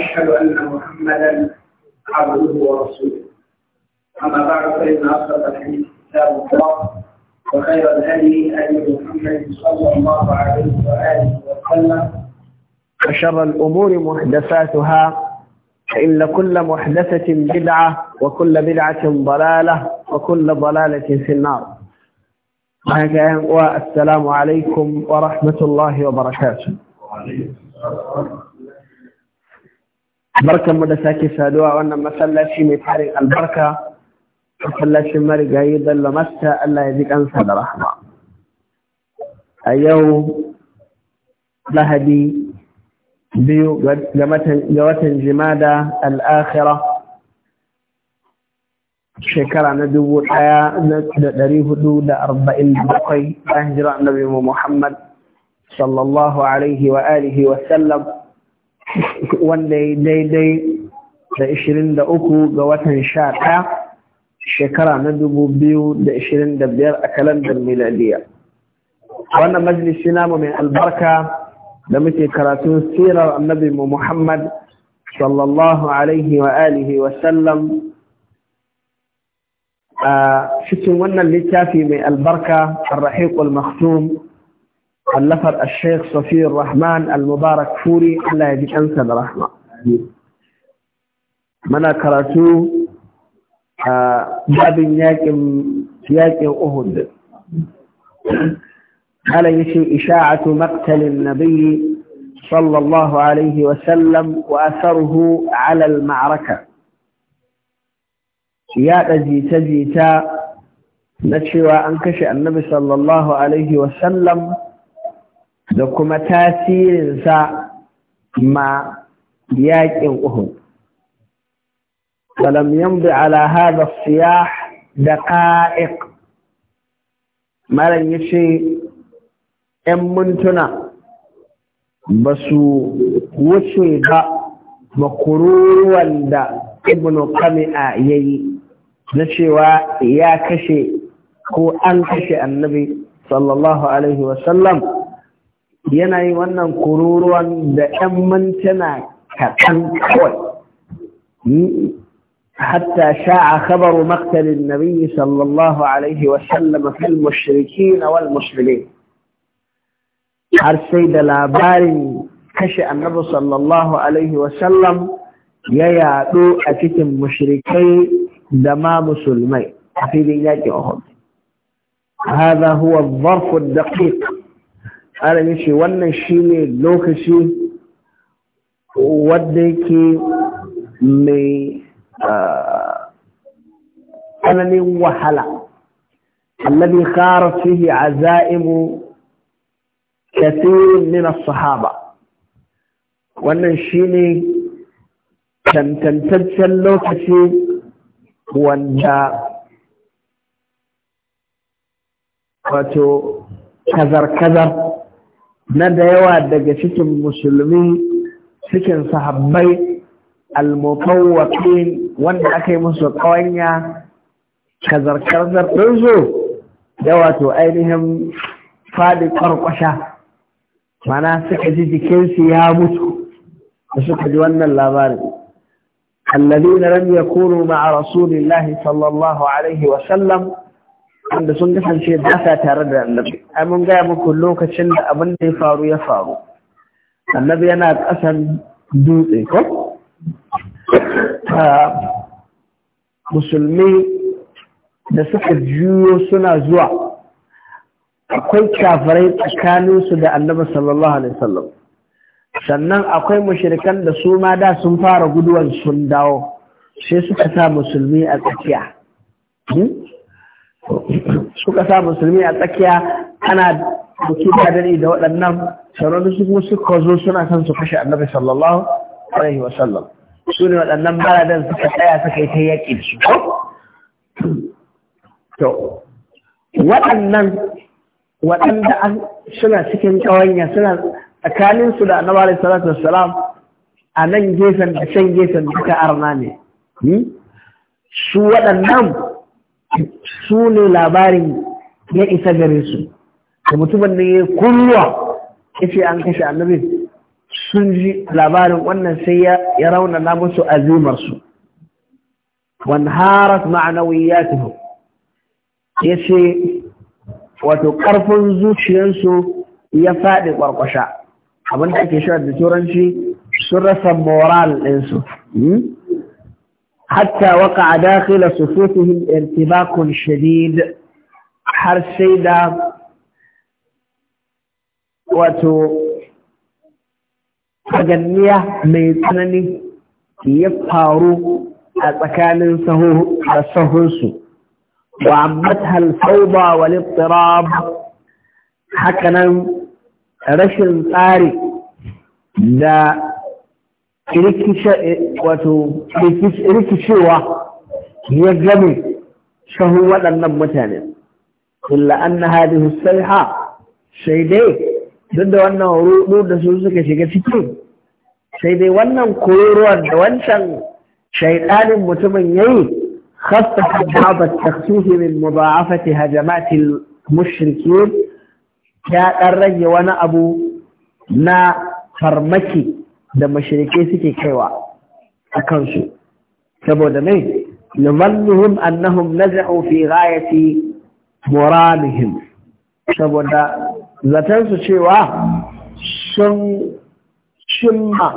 أشهد ان محمدا عبده ورسوله اما بعد فان اصدق الحديث كتاب الله وخير الهدي هدي محمد صلى الله عليه واله وسلم وشر الامور محدثاتها فان كل محدثه بدعه وكل بدعه ضلاله وكل ضلاله في النار والسلام عليكم ورحمه الله وبركاته بركة مدى ساكي سادوا وانا مسلا شي ميتحرق البركة مسلا شي مرق ايضا لمسا الا يديك انسى الرحمة ايو لهدي بيو جواتن جمادة الاخرة شكرا ندو الحياة نتدريه دو لأربع البقي أهجر النبي محمد صلى الله عليه وآله وسلم wanda ya daidai da 23 ga watan 11 shekara na 2025 a kalandar miladiya wannan majalisi namu mai albarka da muke karatun sirar annabi mu muhammad sallallahu alaihi wa alihi wa sallam a cikin wannan littafi mai albarka arrahiqul maktum allafar Sheikh Safiyar Rahman Al-Mubarak Furi Allah ya ji da rahma. Mana karatu a babin yaƙin Uhud. Ala yi ce, Isha'atu maqtalin nabi sallallahu Alaihi wasallam wa asaruhu alal ma'araka. Yaɗa jita-jita na cewa an kashe annabi sallallahu Alaihi wasallam. sallam da kuma tasirinsa ma yaƙin uhud فلم يمض ala هذا siyah دقائق malam ya ce ‘yan mintuna ba su wuce ba makuruwan da ibnu kami'a ya yi na cewa ya kashe ko an kashe annabi sallallahu alaihi wasallam yana yi wannan kururuwan da ‘yan mantana kaɗan kawai hatta sha'a khabaru maktalin nabi sallallahu alaihi wasallam fil mushriki na wal musulmi har sai da labarin kashe annabi sallallahu alaihi wasallam ya yaɗo a cikin mushrikai da ma musulmai a filin yaƙin hudu هذا هو الظرف الدقيق alamin shi wannan shine lokaci wadda yake mai tsananin wahala الذي خارت فيه عزائم كثير من الصحابة wannan shine tantantaccen lokaci wanda wato kazar-kazar na da yawa daga cikin musulmi cikin sahabbai almutawwaqin wanda aka yi musu kawanya kazar-kazar ɗinsu da wato ainihin faɗi ƙwarƙwasha mana suka ji jikinsu ya mutu da suka ji wannan labarin الذين لم يكونوا مع رسول الله صلى الله عليه وسلم wanda sun kasance ba sa tare da annabi a mun gaya muku lokacin da abin da ya faru ya faru annabi yana ƙasan dutse ko ah, musulmi da suka juyo suna zuwa akwai kafirai tsakaninsu da annabi sallallahu alaihi wasallam sannan akwai mushirikan da su ma da sun fara guduwan sun dawo sai suka sa musulmi a tsakiya hmm? su sa musulmi a tsakiya ana buki da dare da waɗannan sauran su kuma suka zo suna son su kashe annabi sallallahu alaihi wa sallam su ne waɗannan baradan suka tsaya suka yi ta yaƙi da su to waɗannan waɗanda suna cikin ƙawanya suna tsakanin su da annabi alaihi salatu wassalam a nan gefen da can gefen duka arna ne hmm? su waɗannan su ne labarin ya isa gare su da mutumin da ya kulluwa ya ce an kashe annabin sun ji labarin wannan sai ya rauna na musu azimarsu ma'ana ma'anawiyyatuhum ya Ya ce wato ƙarfin zuciyarsu ya faɗi ƙwarƙwasha abin da ake shi da turanci sun rasa moral ɗinsu hmm? حتى وقع داخل صفوتهم ارتباك شديد حر سيدا واتو تجنية ميتنن يفارو أتكان سهوس وعمتها الفوضى والاضطراب حكنا رشل ذا rikicewa ya gami shahun waɗannan mutane kulla an na hadihu sai dai duk da wannan rudu da su suka shiga ciki sai dai wannan kururuwar da wancan Shaiɗanin mutumin yayi خاصة بعض التخفيف من مضاعفة هجمات ya ɗan rage wani abu na farmaki da mashirike suke kaiwa a kansu saboda mai limannuhum annahum naza'u fi ghayati muramihim saboda zaton su cewa sun cimma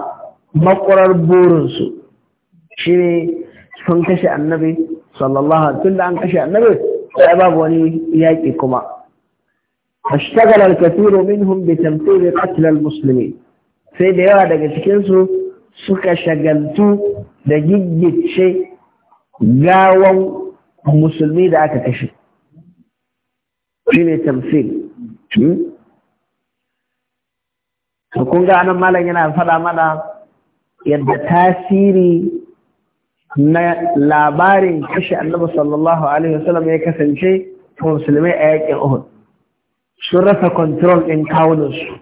makwarar burinsu shi ne sun kashe annabi sallallahu alaihi tun da an kashe annabi sai babu wani yaƙi kuma ashtagala al-kathiru minhum bi tamthil sai da yawa daga cikinsu suka shagaltu da giggice gawan musulmi da aka kashe shi ne hmm? To kun ga anan malam yana faɗa mana yadda tasiri na labarin kashe annabi sallallahu alaihi wasallam ya kasance musulmai a yakin uhud sun rasa control ɗin kawunansu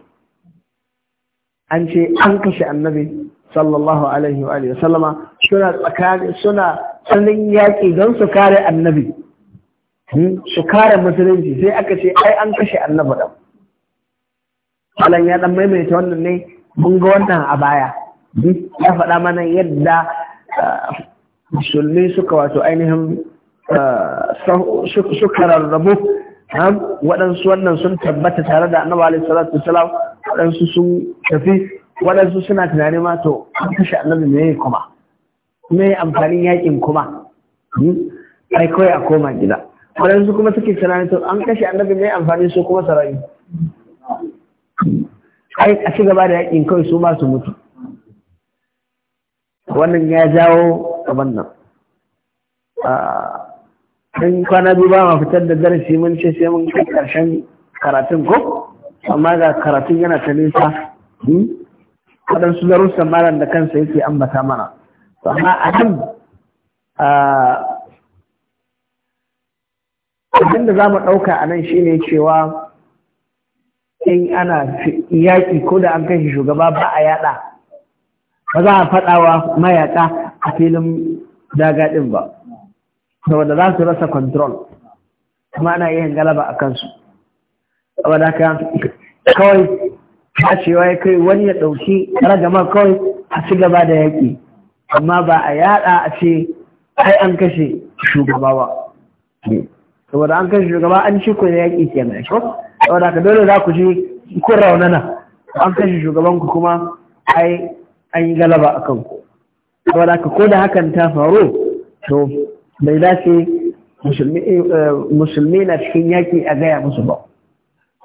an ce an kashe annabi sallallahu alaihi wa alihi sallama suna tsakani suna sanin yaƙi don su kare annabi hmm? su kare musulunci sai aka ce ai an kashe annabi ɗan Alan ya ɗan maimaita wannan ne mun ga wannan a baya hmm? ya faɗa mana yadda uh, musulmi suka wato ainihin uh, suka rarrabu waɗansu wannan sun tabbata tare da annabi alaihi salatu wasalam waɗansu sun tafi waɗansu suna tunani ma to an kashe annabi me kuma me amfanin yakin kuma hmm? ai kawai a koma gida waɗansu kuma suke tunani to an kashe annabi me amfani su kuma sarari ai a ci gaba da yakin kawai su ma su mutu wannan ya jawo abin nan ah, an kwana biyu ba ma fitar da darasi mun ce sai mun kai karshen karatun ko amma ga karatun yana ta nesa hmm? waɗansu darussan malam da kansa yake ambata mana amma a nan abin da za mu ɗauka a nan shine cewa in ana yaƙi ko da an shi shugaba ba a yaɗa ba za a faɗawa mayaƙa a filin daga ba da wanda za su rasa control kuma ana yin galaba a kansu saboda ka kawai a cewa ya kai wani ya ɗauki ragama kawai a ci gaba da yaƙi amma ba a yada a ce ai an kashe shugaba ba saboda an kashe shugaba an ci kuwa da yaƙi mai shi saboda ka dole za ku ji kun raunana an kashe shugabanku kuma ai an yi galaba a kanku saboda ka ko da hakan ta faru to bai dace musulmi eh, na cikin yaƙi a gaya musu ba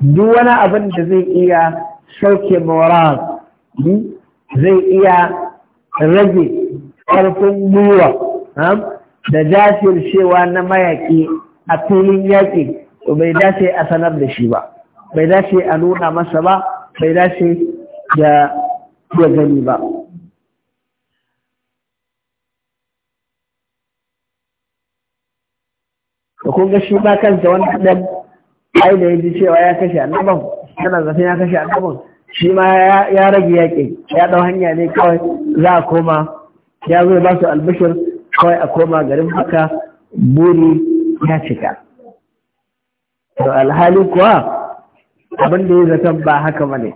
duk wani abin da zai iya sauke moral hmm, zai iya rage ƙarfin gwiwa hmm, da cewa na mayaƙi a filin yaƙi bai dace a sanar da shi ba bai dace a nuna masa ba bai dace da gani ba kun ga shi ba kansa wani dan ai da yaji cewa ya kashe annaban Kana zafin ya kashe annaban shi ma ya rage yaƙi ya ɗau hanya ne kawai za a koma ya zo ba su albishir kawai a koma garin haka buri ya cika to alhali kuwa abin da ya zaton ba haka bane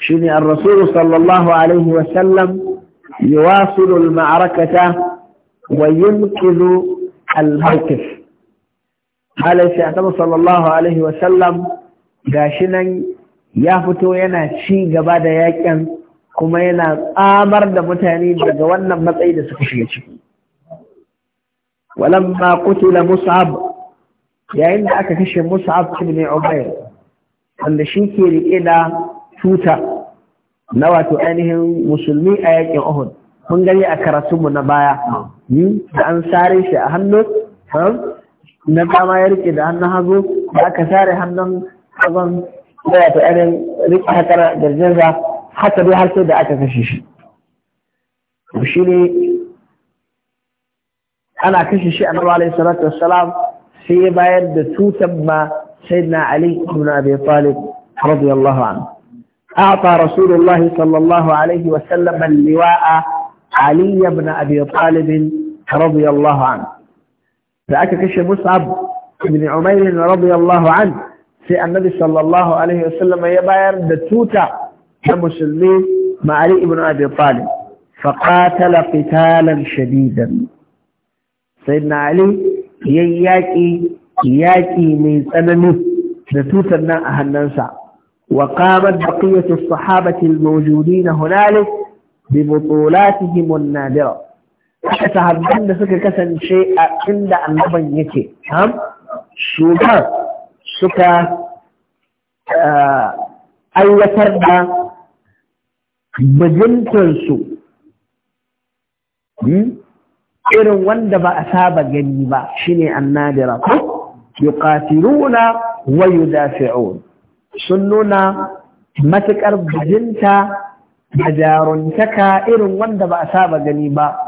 shi ne an rasulu sallallahu alaihi wasallam yuwasilu al-ma'arakata wa yunqilu al-mawqif halin a annabi sallallahu alaihi wa sallam gashi nan ya fito yana ci gaba da yakin kuma yana tsamar da mutane daga wannan matsayi da suka shiga ciki walamma kutula mus'ab yayin da aka kashe mus'ab ibn umayr wanda shi ke riƙe da tuta na wato ainihin musulmi a yakin uhud mun gani a karatunmu na baya Ni hmm? da an sare shi a hannu hmm? na dama ya rike da hannun hagu da aka share hannun hagun da ya ta'arin rike hakar garjanza haka dai har sai da aka kashe shi shi ne ana kashe shi annabi alaihi salatu wassalam sai ya bayar da tutan ma sayyidina ali ibn abi talib radiyallahu anhu أعطى رسول الله صلى الله عليه وسلم اللواء علي بن أبي طالب رضي الله عنه فأكى كشي مصعب بن عمير رضي الله عنه في النبي صلى الله عليه وسلم يباير دتوتا المسلمين مع علي بن أبي طالب فقاتل قتالا شديدا سيدنا علي يياكي يياكي من سنمه أمم دتوتا ناءها النساء وقامت بقية الصحابة الموجودين هنالك ببطولاتهم النادره haka sahabban da suka kasance a inda annaban yake ham shugaban suka eh, ayyatar da bajintarsu hmm? irin wanda ba a saba gani ba shine annadira ko yuqatiluna wa yudafi'un sun nuna matuƙar bajinta da jarumtaka irin wanda ba a saba gani ba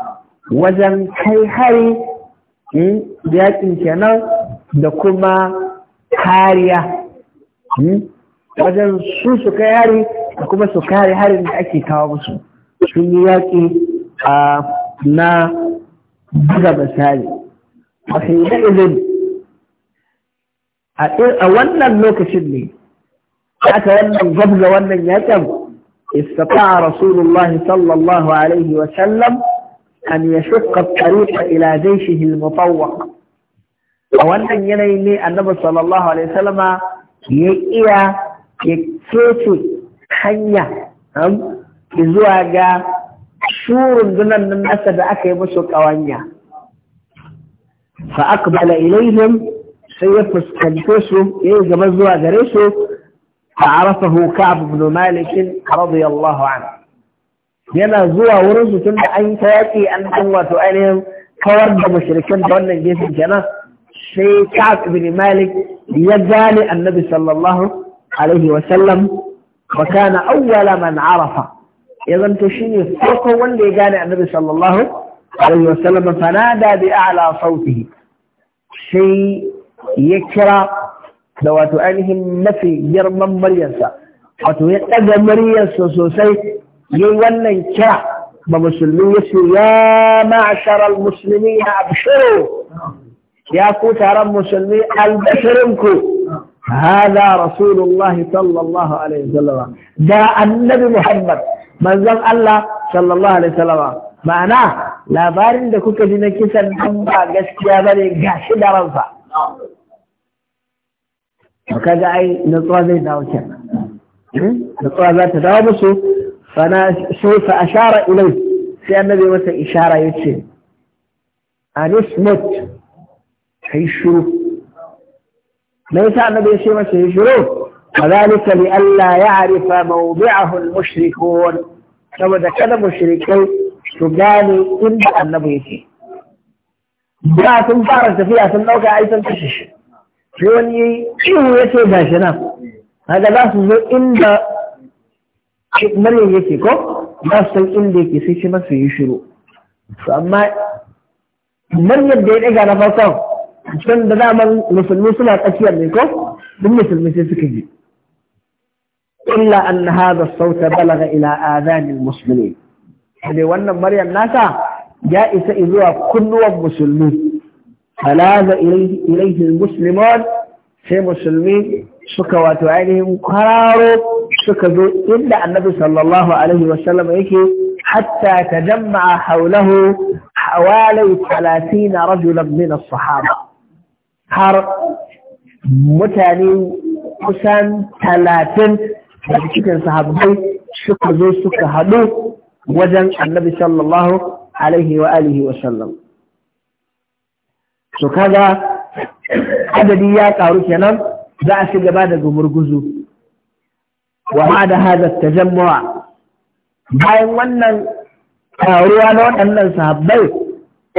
wajen kai hari hmm, yakin kenan da kuma kariya hmm, wajen su su kai hari da kuma su kare harin da ake kawo musu sun yi yaƙi a na buga misali a izin a wannan lokacin ne aka wannan gabga wannan yaƙin استطاع رسول sallallahu alaihi wa sallam. أن يشق الطريق إلى جيشه المطوق وأن ينيني النبي صلى الله عليه وسلم يئيا يكتوت حيا أم إزواجا شور دون أسد بأكي مشق وانيا فأقبل إليهم سيف سكنتوسو يجب إيه الزواج ريسو فعرفه كعب بن مالك رضي الله عنه yana zuwa wurin su tun da an ta yaƙi an san wato ainihin kawar da mashirikin da wannan gefen kenan sai Ka'ab ibn Malik ya gane Annabi sallallahu alaihi wa sallam wa kana awwala man arafa ya zanto shine farko wanda ya gane Annabi sallallahu alaihi wa sallam fa nada bi a'la sautihi sai ya kira da wato ainihin mafi girman muryarsa wato ya ɗaga muryarsa sosai يقول وانا ما مسلمين يا معشر المسلمين ابشروا يا كتر المسلمين البشرنكو هذا رسول الله صلى الله عليه وسلم دا النبي محمد من ذا الله صلى الله عليه وسلم معناه لا بارن دا كوكا دينا كيسا نحبا قسكيا بني قاشي دا وكذا اي نطوى ذي داوكا نطوى ذات داوكا فانا سوف اشار اليه في النبي مثلا اشاره يتسل ان اسمت حي الشروف ليس النبي يسير مثلا الشروف وذلك لئلا يعرف موضعه المشركون لو ذا كان مشركي تقالي ان النبي يسير لا ثم فارس فيها ثم نوكا ايضا تشش في وني ايه يسير هذا لا ثم shi nan yake ko ba su san inda yake sai shi masu yi shiru to amma nan yadda ya ɗaga na fasan can da daman musulmi suna tsakiyar ne ko duk musulmi sai suka ji illa an hadha sauta balaga ila adanil musulmi. wannan maryam nasa ya isa zuwa kunnuwan musulmi falaza ilaihi muslimun sai musulmi suka wato ainihin kwararo suka zo inda annabi sallallahu alaihi wasallam yake hatta tajamma'a haulahu hawalai 30 rajulan min sahaba har mutane kusan talatin da cikin sahabbai suka zo suka haɗu wajen annabi sallallahu alaihi wa alihi sallam kaga adadi ya karu kenan za a ci gaba da gumurguzu وبعد هذا التجمع بين ونن أن ننسحب بيت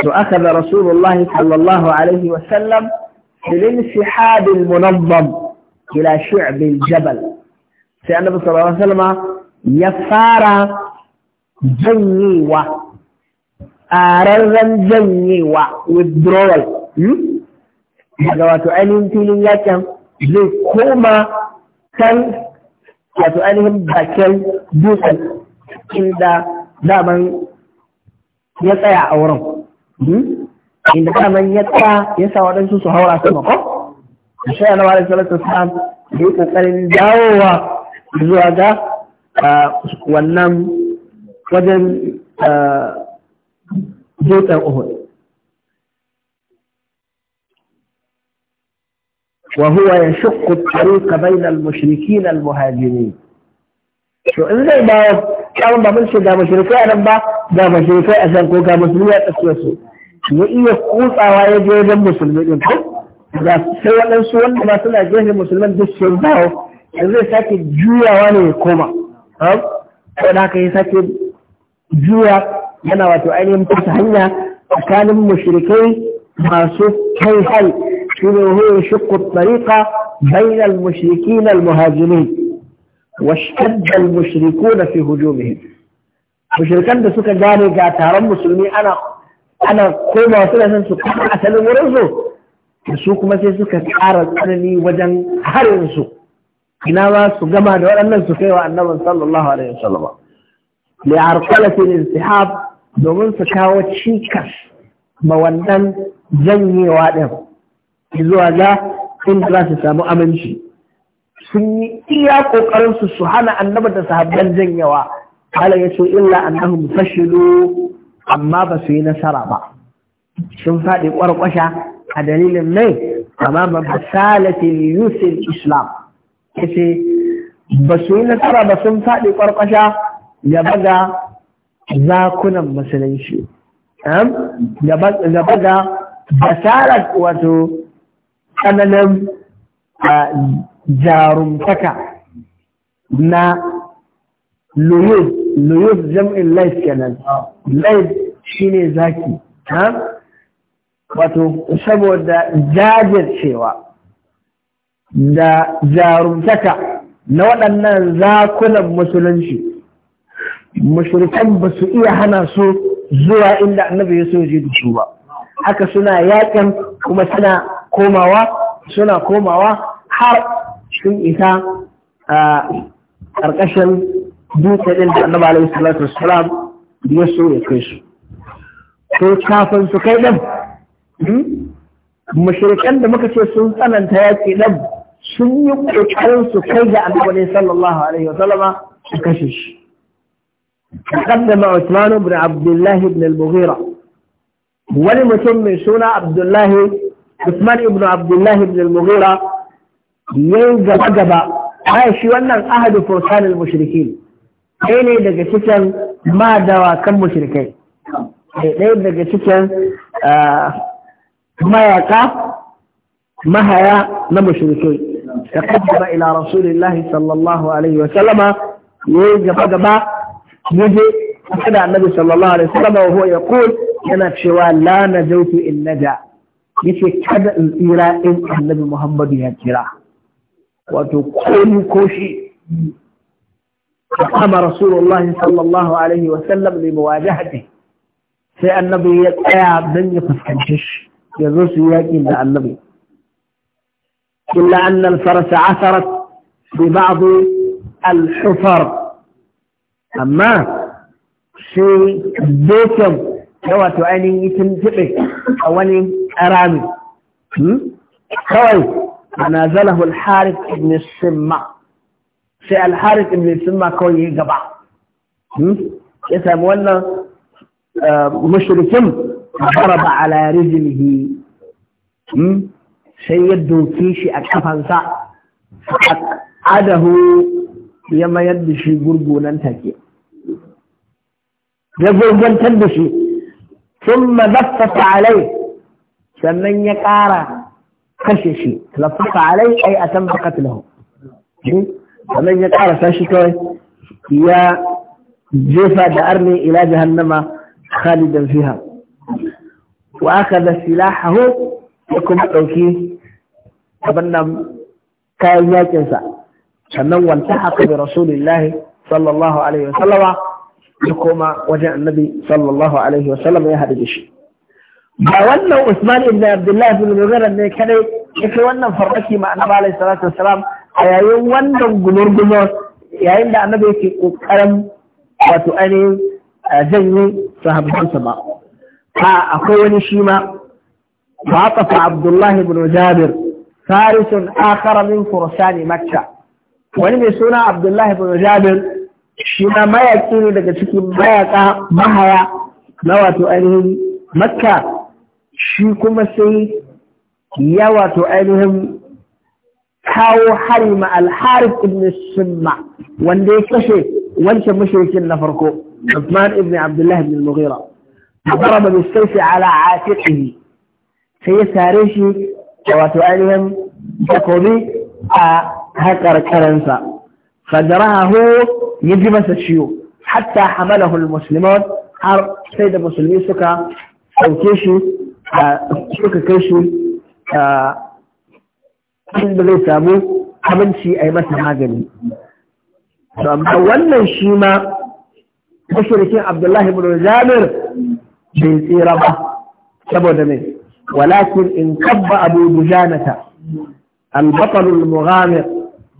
وأخذ رسول الله صلى الله عليه وسلم للانسحاب المنظم إلى شعب الجبل سيدنا صلى الله عليه وسلم يفار جنيوة جني و withdrawal هذا وقت أن انتلياك لكما تنفر wato ainihin bakin dutsen inda daman ya tsaya a wurin hmm? inda daman ya tsaya ya sa waɗansu su haura su mako da shayar na wani salatu sa'am da yi ƙoƙarin dawowa zuwa ga wannan wajen dutsen uhud وهو يشق الطريق بين المشركين المهاجرين to in zai bawa kyawun ba mun ce ga mashirikai a ba ga mashirikai a can ga musulmi a tsakiyar su ya iya kutsawa ya je wajen musulmi din ko ga sai waɗansu wanda masu suna gefe musulman duk sun dawo in zai sake juyawa ne ya koma ko da haka ya sake juya yana wato ainihin hanya tsakanin mashirikai masu kai شنو هو يشق الطريق بين المشركين المهاجرين واشتد المشركون في هجومهم مشركان ده سكا جاني يا ترى مسلمي انا انا كما سنه سن سكا اصل مرزو يسوقوا ما سي سكا قار الثاني وجن حرن سوق هنا وا سغما ده ولن النبي صلى الله عليه وسلم لعرقلة الانسحاب دومن سكاو تشيكش ما وندن جني وادم zuwa ga inda za su samu aminci sun yi iya kokarin su su hana annaba da sahabban janyawa kala ya ce illa annahu fashilu amma ba su yi nasara ba sun faɗi ƙwarƙwasha a dalilin mai amma ba misalatin yusuf islam ya ce ba su yi nasara ba sun faɗi ƙwarƙwasha ya baga zakunan musulunci gaba ga basarar wato tsananin jarumtaka na luyus luyus jam'in laif kenan laif shine zaki ha wato saboda jajircewa da jarumtaka na waɗannan zakunan musulunci mashirikan ba su iya hana su zuwa inda annabi ya so je da su ba haka suna yakin kuma suna komawa suna komawa har cikin ita a ƙarƙashin dutse ɗin da annabi alaihi salatu wassalam ya so ya kai su to kafin su kai ɗin mashirikan da muka ce sun tsananta yaƙi ɗin sun yi ƙoƙarin su kai ga annaba annabi sallallahu alaihi wa sallama su kashe shi تقدم عثمان بن عبد الله بن المغيرة ولمتم من سنة عبد الله عثمان بن عبد الله بن المغيرة ينجى آه، مجبى عايش وانا أحد فرسان المشركين اين ايه دقى ما دوا كم مشركين ايه ايه دقى تكن آه، ما يقى ما هيا نمشركين تقدم الى رسول الله صلى الله عليه وسلم ينجى مجبى يجي كده النبي صلى الله عليه وسلم وهو يقول انا في شوال لا نجوت إلا نجا yace kada in tsira in annabi Muhammadu ya tsira wato ko ko shi فقام رسول الله صلى الله عليه وسلم لمواجهته sai annabi ya tsaya don ya fuskanci shi ya zo su yaƙi da annabi illa annal farasa asarat bi ba'd al-hufar amma sai dokin ya wato ainihin itin jiɓe a wani ƙarami kawai ana zalahu alharik ibn simma sai alharik ibn simma kawai ya gaba ya sami wannan mashirikin haraba ala rijilihi sai ya doke shi a kafansa adahu ya mayar da shi gurgunan take ya gurgantar da shi ثم نفس عليه فمن يقارى خشي شيء عليه أي أتم قتله فمن يقارى خشي يا جفا دأرني إلى جهنم خالدا فيها وأخذ سلاحه يكم توكي فمن كان يجزا فمن وانتحق برسول الله صلى الله عليه وسلم يكوما وجاء النبي صلى الله عليه وسلم يا هذا الشيء بأولنا عثمان بن عبد الله بن مغير أن يكري يكوانا فرقي مع النبي عليه الصلاة والسلام أي يوانا قمر قمر يا إلا النبي في قرم وتؤني آه، جني صاحب السماء ها أخواني شيما فعطف عبد الله بن جابر فارس آخر من فرسان مكة ولم يسونا عبد الله بن جابر shi ma mayaƙi ne daga cikin mayaƙa mahaya na wato ainihin makka shi kuma sai ya wato ainihin kawo hari ma alharif ibn summa wanda ya kashe wancan mashirikin na farko usman ibn Abdullah ibn Mughira ضرب Sai ya عاتقه shi شيء wato ainihin takobi a haƙar karansa fajarahu يجي مثل الشيوخ حتى حمله المسلمون حرب سيد المسلمين سكا أو كيشي آه، سكا كيشي من آه، بغي سامو شي أي مثل هاجني فأولا الشيما مشركين عبد الله بن الزامر بن إيرابة سبو دمين ولكن انقب أبو دجانة البطل المغامر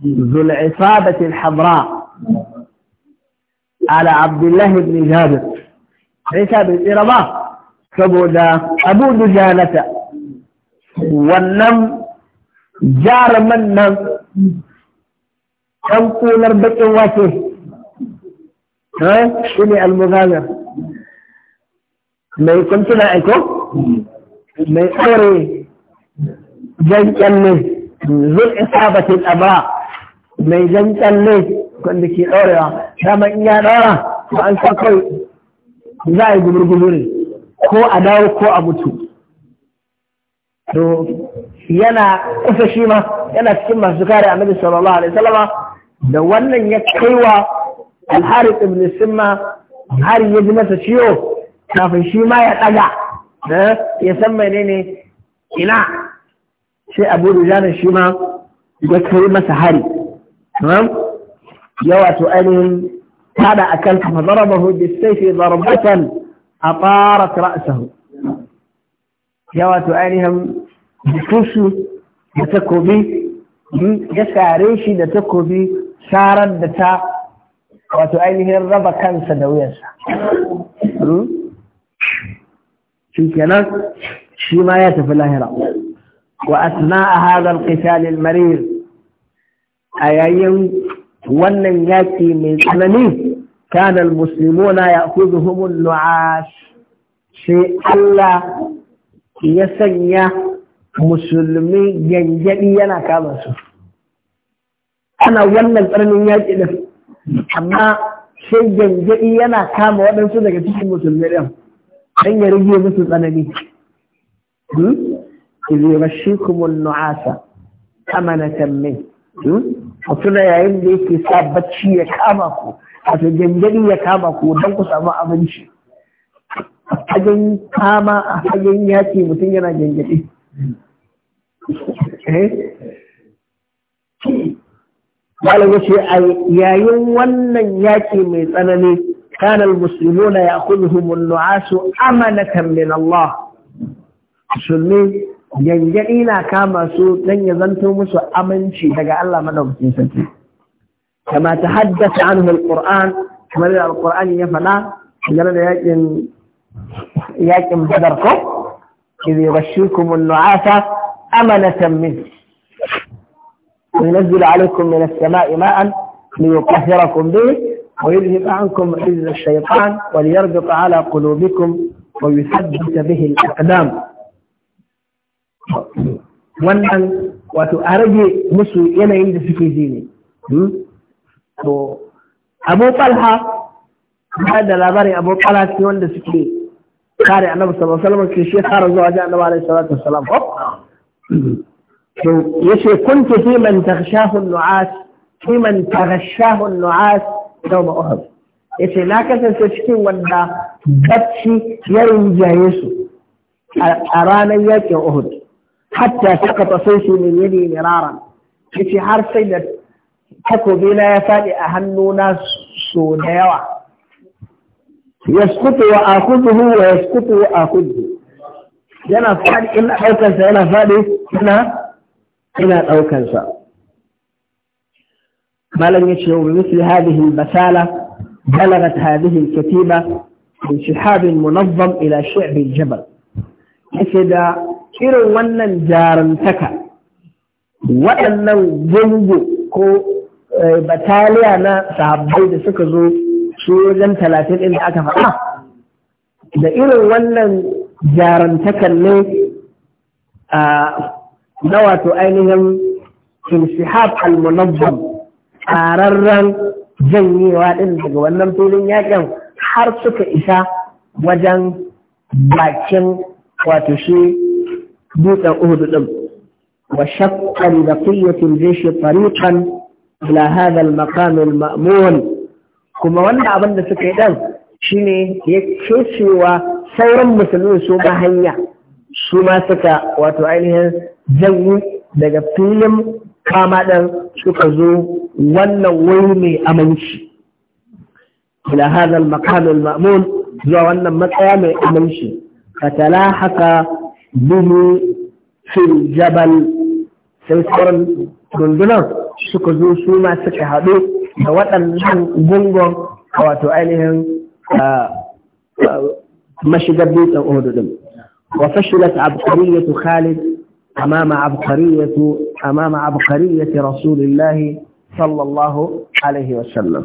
ذو العصابة الحمراء على عبد الله بن جابر عيسى بن إرضا فبودا أبو دجالة ونم جار من نم كم قول ربك واسه ها شمي المغادر ما كنت سنا ايكو ما يقري لي ذو الإصابة الأبراء ما لي wanda ke ɗaurewa dama in ya ɗaura ko an san kai za a yi gumurgumu ne ko a dawo ko a mutu to yana kusa shi ma yana cikin masu kare a annabi sallallahu alaihi wasallama da wannan ya kaiwa al hari ibn simma har ya ji masa ciwo kafin shi ma ya ɗaga eh, ya san menene ina sai abu da shi ma ya kai masa hari eh. يوى تؤلم هذا أكلت فضربه بالسيف ضربة أطارت رأسه يوى تؤلم بكسه دتكو بي جسع ريشي دتكو بي سارد دتا وتؤلم الرب كان سدويسا شكرا شما يتف الله رأو وأثناء هذا القتال المرير أيام wannan yaƙi mai tsanani kanal muslimuna ya kuzu humun nu'ash sai Allah ya sanya musulmi gyangyaɗi yana kama su ana wannan tsananin yaƙi da amma sai gyangyaɗi yana kama waɗansu daga cikin musulmi ɗin don ya rage musu tsanani إذ kama na أمنة منه ku tuna yayin da yake sa bacci ya kama ku wato gangari ya kama ku don ku samu abinci a fagen kama a fagen yaki mutum yana gangari eh? Malam ce a yayin wannan yaƙi mai tsanani kanal musulmuna ya kudu nu'asu amanatan min Allah. Musulmi gyangyaɗi na kama su dan ya zanto musu aminci daga Allah madaukakin sarki kama ta haddasa anhu alquran kamar da alquran ya faɗa kamar da yakin yakin badar ko idh yghashshukum an-nu'asa amanatan min وينزل عليكم من السماء ماء ليطهركم به ويذهب عنكم رجز الشيطان وليربط على قلوبكم ويثبت به الأقدام wannan wato a rage musu yanayin da suke ji ne hmm? to abu falha ba da labarin abu falha ce wanda suke kare annabi sallallahu alaihi wasallam ke fara zuwa ga annabi alaihi salatu wasallam oh! to yace kuntu fi man taghshahu an-nu'as fi man taghshahu an-nu'as yawm uhud yace na kasance cikin wanda bacci ya rinjaye su a ranar yakin uhud حتى سقط صيف من يدي مرارا في حرف سيدة تكو بنا يفاد أهنونا سوديوة يسقط وآخذه ويسقط وآخذه جنا فاد إلا أوكسا إلا فاد هنا إلا أوكسا ما لم يشعر مثل هذه المثالة بلغت هذه الكتيبة من شحاب منظم إلى شعب الجبل كيف irin wannan jarantaka waɗannan gungu ko eh, bataliya na sahabbai da suka zo su wajen talatin ɗin da aka faɗa da irin wannan jarantakan ne na wato ainihin inshihab al-munazzam tsararren janyewa ɗin daga wannan filin yakin har suka isa wajen bakin wato shi dutsen Uhud din wa shaqqan baqiyatul jaysh tariqan ila hadha al-maqam al-ma'mun kuma wannan abin da suka yi dan shine ya cewa sauran musulmi su hanya su ma suka wato ainihin janyi daga filin kama ɗan suka zo wannan wuri mai aminci ila hadal makamul ma'mun zuwa wannan matsaya mai aminci fatala haka bihi fil jabal sai sauran rundunan suka zo su ma haɗu da waɗannan gungun a wato ainihin mashigar dutsen Uhud din Khalid أمام عبقرية أمام عبقرية رسول الله صلى الله عليه وسلم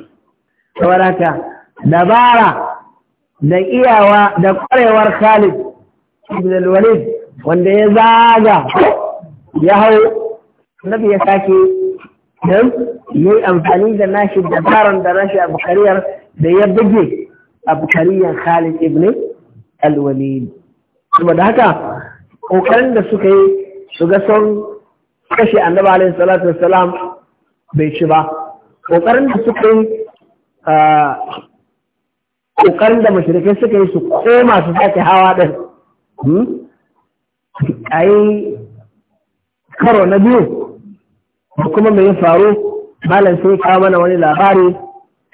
ولك دبارة da iyawa da kwarewar Khalid ibn al-Walid wanda ya zaga ya hau nabi ya sake don ya yi amfani da nashi dabaran da nashi abu kariyar da ya buge abu kariyar khalid ibn alwalid kuma da haka kokarin da suka yi su ga son kashe annabi alayhi salatu salam bai ci ba kokarin da suka yi kokarin da mashirikai suka yi su koma su sake hawa din hmm? a yi karo na biyu da kuma mai faru malam sai kawo mana wani labari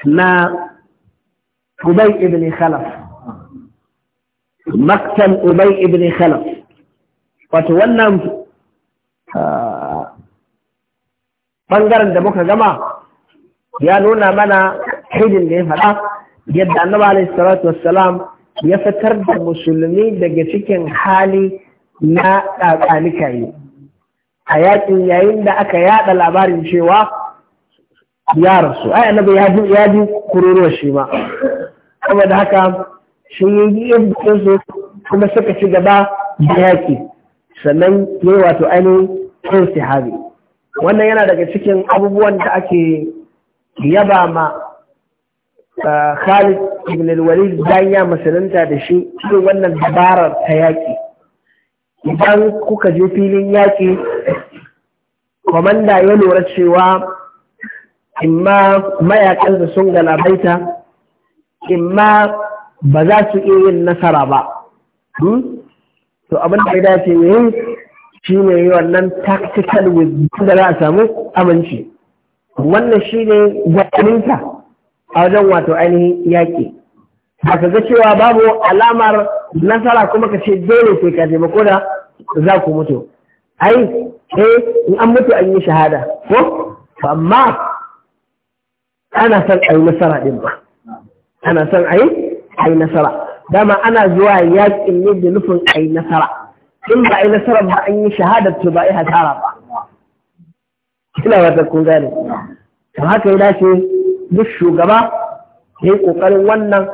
na ubay ibn khalaf maktan ubay ibn khalaf wato wannan bangaren da muka gama ya nuna mana hidin da ya faɗa yadda annabi alaihi salatu wassalam ya fitar da musulmi daga cikin hali na ƙaƙanika yi a yakin yayin da aka yada labarin cewa ya rasu ai annabi ya ya ji kururuwa shi ma saboda haka shi yi yin kuma suka ci gaba da yaƙi sannan yayi wato ainihin insihabi wannan yana daga cikin abubuwan da ake yaba ma ah, Khalid ibn al-Walid bayan ya musulunta da shi shi wannan dabarar ta yaƙi idan kuka je filin yaƙi kwamanda ya lura cewa imma mayakansa sun galabaita imma ba za su iya yin nasara ba hmm? to abin da ya dace ne shi ne wannan tactical with da za a samu aminci wannan shi ne gwaninta a wajen wato ainihin yaƙi ba ka ga cewa babu alamar nasara kuma ka ce dole sai ka taimako da za ku mutu ai eh in an mutu an yi shahada ko amma ana son a yi nasara din ba ana son a yi a yi nasara dama ana zuwa yakin ne da nufin a yi nasara in ba a yi nasara ba an yi shahada to ba a yi hasara ba ina wata kun gane kamar haka ya dace duk shugaba ya yi ƙoƙarin wannan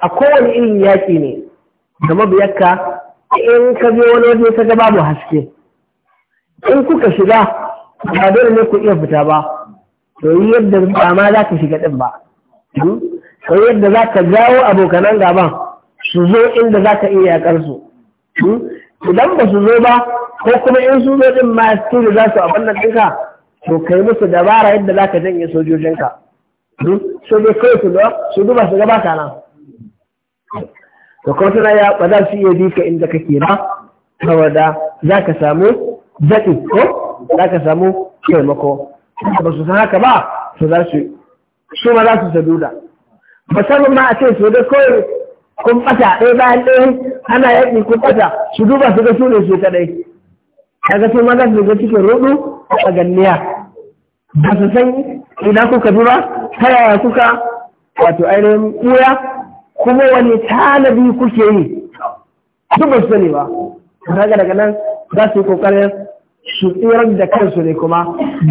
a kowane irin yaƙi ne da mabiyarka in ka biyo wani waje ka ga babu haske in kuka shiga ba dole ne ku iya fita ba to yi yadda ba ma za ka shiga ɗin ba to hmm? yadda za ka jawo abokanan gaban su zo inda za ka iya yaƙar su hmm? idan ba su zo ba ko kuma in su zo din ma su da za su abin ɗinka to kai musu dabara yadda za ka janye sojojinka hmm? su dai kawai su duba su gaba kana. nan da kuma tana ya ba za su iya bi ka inda kake ba wada za ka samu zaɓi ko za ka samu taimako ba su san haka ba su za su su ma za su saduda musamman ma a ce su da kawai kun ɓata ɗaya bayan ɗaya ana yaƙi kun ɓata su duba su ga su ne su kaɗai kaga su ma za su ga cikin rudu a ganniya ba su san ina kuka duba ta yaya kuka wato ainihin ɓuya kuma wani talabi kuke yi duk ba su sani ba daga daga nan za su yi kokarin su tsirar da kansu ne kuma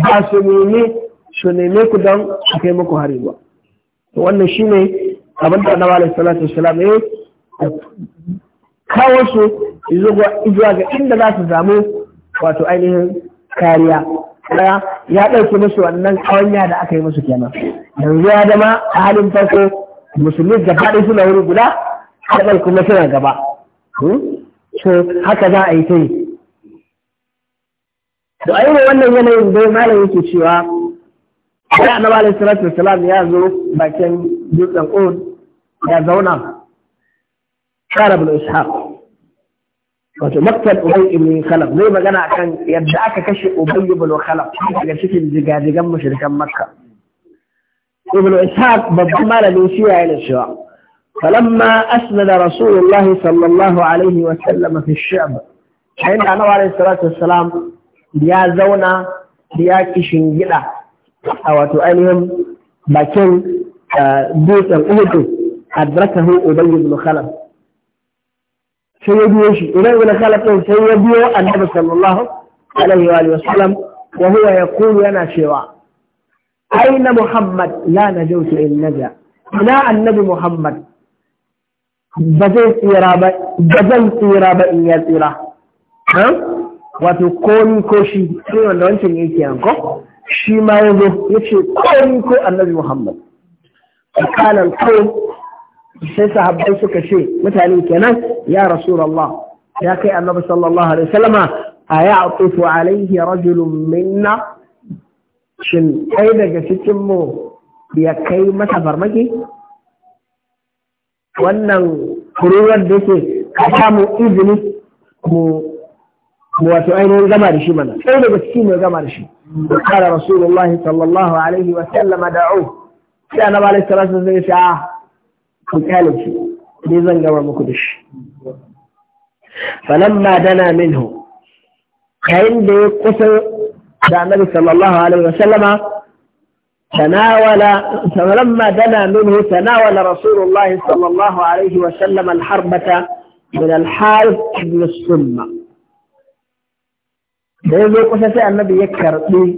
ba su nemi su neme ku don su kai muku hari ba wannan ne, abin da annabi alaihi salatu wassalam ya kawo su zuwa ga inda za su samu wato ainihin kariya ya ɗauki musu wannan kawanya da aka yi musu kenan yanzu ya zama a halin farko musulmi gaba ɗaya suna wuri guda haɗin kuma suna gaba so haka za a yi ta yi da ayyuka wannan yanayin dai malam yake cewa ya annabi alaihi salatu wassalam ya zo bakin dutsen uhud ya zauna sharab al-ishaq wato maktab ubay ibn khalaf zai magana akan yadda aka kashe ubay ibn khalaf daga cikin jigajigan mushrikan makka ابن إسحاق بابا ما بضمال بيشيع للشعر فلما أسند رسول الله صلى الله عليه وسلم في الشعب حين أنا عليه الصلاة والسلام يا زونا ليا كشن جدا أو تؤلهم بكين آه، بيت الأهد أدركه أبي بن خلف سيدي وشي أبي بن خلف سيدي النبي صلى الله عليه وآله وسلم وهو يقول لنا شواء aina muhammad la najautu in naja ina annabi muhammad ba tsira ba ba zan tsira ba in ya tsira wato komi ko shi sai wanda wancan yake yanko shi ma ya ko annabi muhammad sai sahabbai suka ce mutane kenan ya rasulullah ya kai annabi sallallahu alaihi wasallama a ya atufu alaihi rajulun minna shin kai daga cikinmu ya kai masa farmaki wannan kururar da yake ka samu izini mu wato ainihin gama da shi mana sai daga ciki ne gama da shi kara rasulullahi sallallahu alaihi wa sallam au sai ba laifin salatu zai sha a ku kyale ne ni zan gama muku da shi falamma dana minhu kayan da ya kusa جاء النبي صلى الله عليه وسلم تناول فلما دنا منه تناول رسول الله صلى الله عليه وسلم الحربة من الحارث بن السمة لذلك قصة النبي يكر لي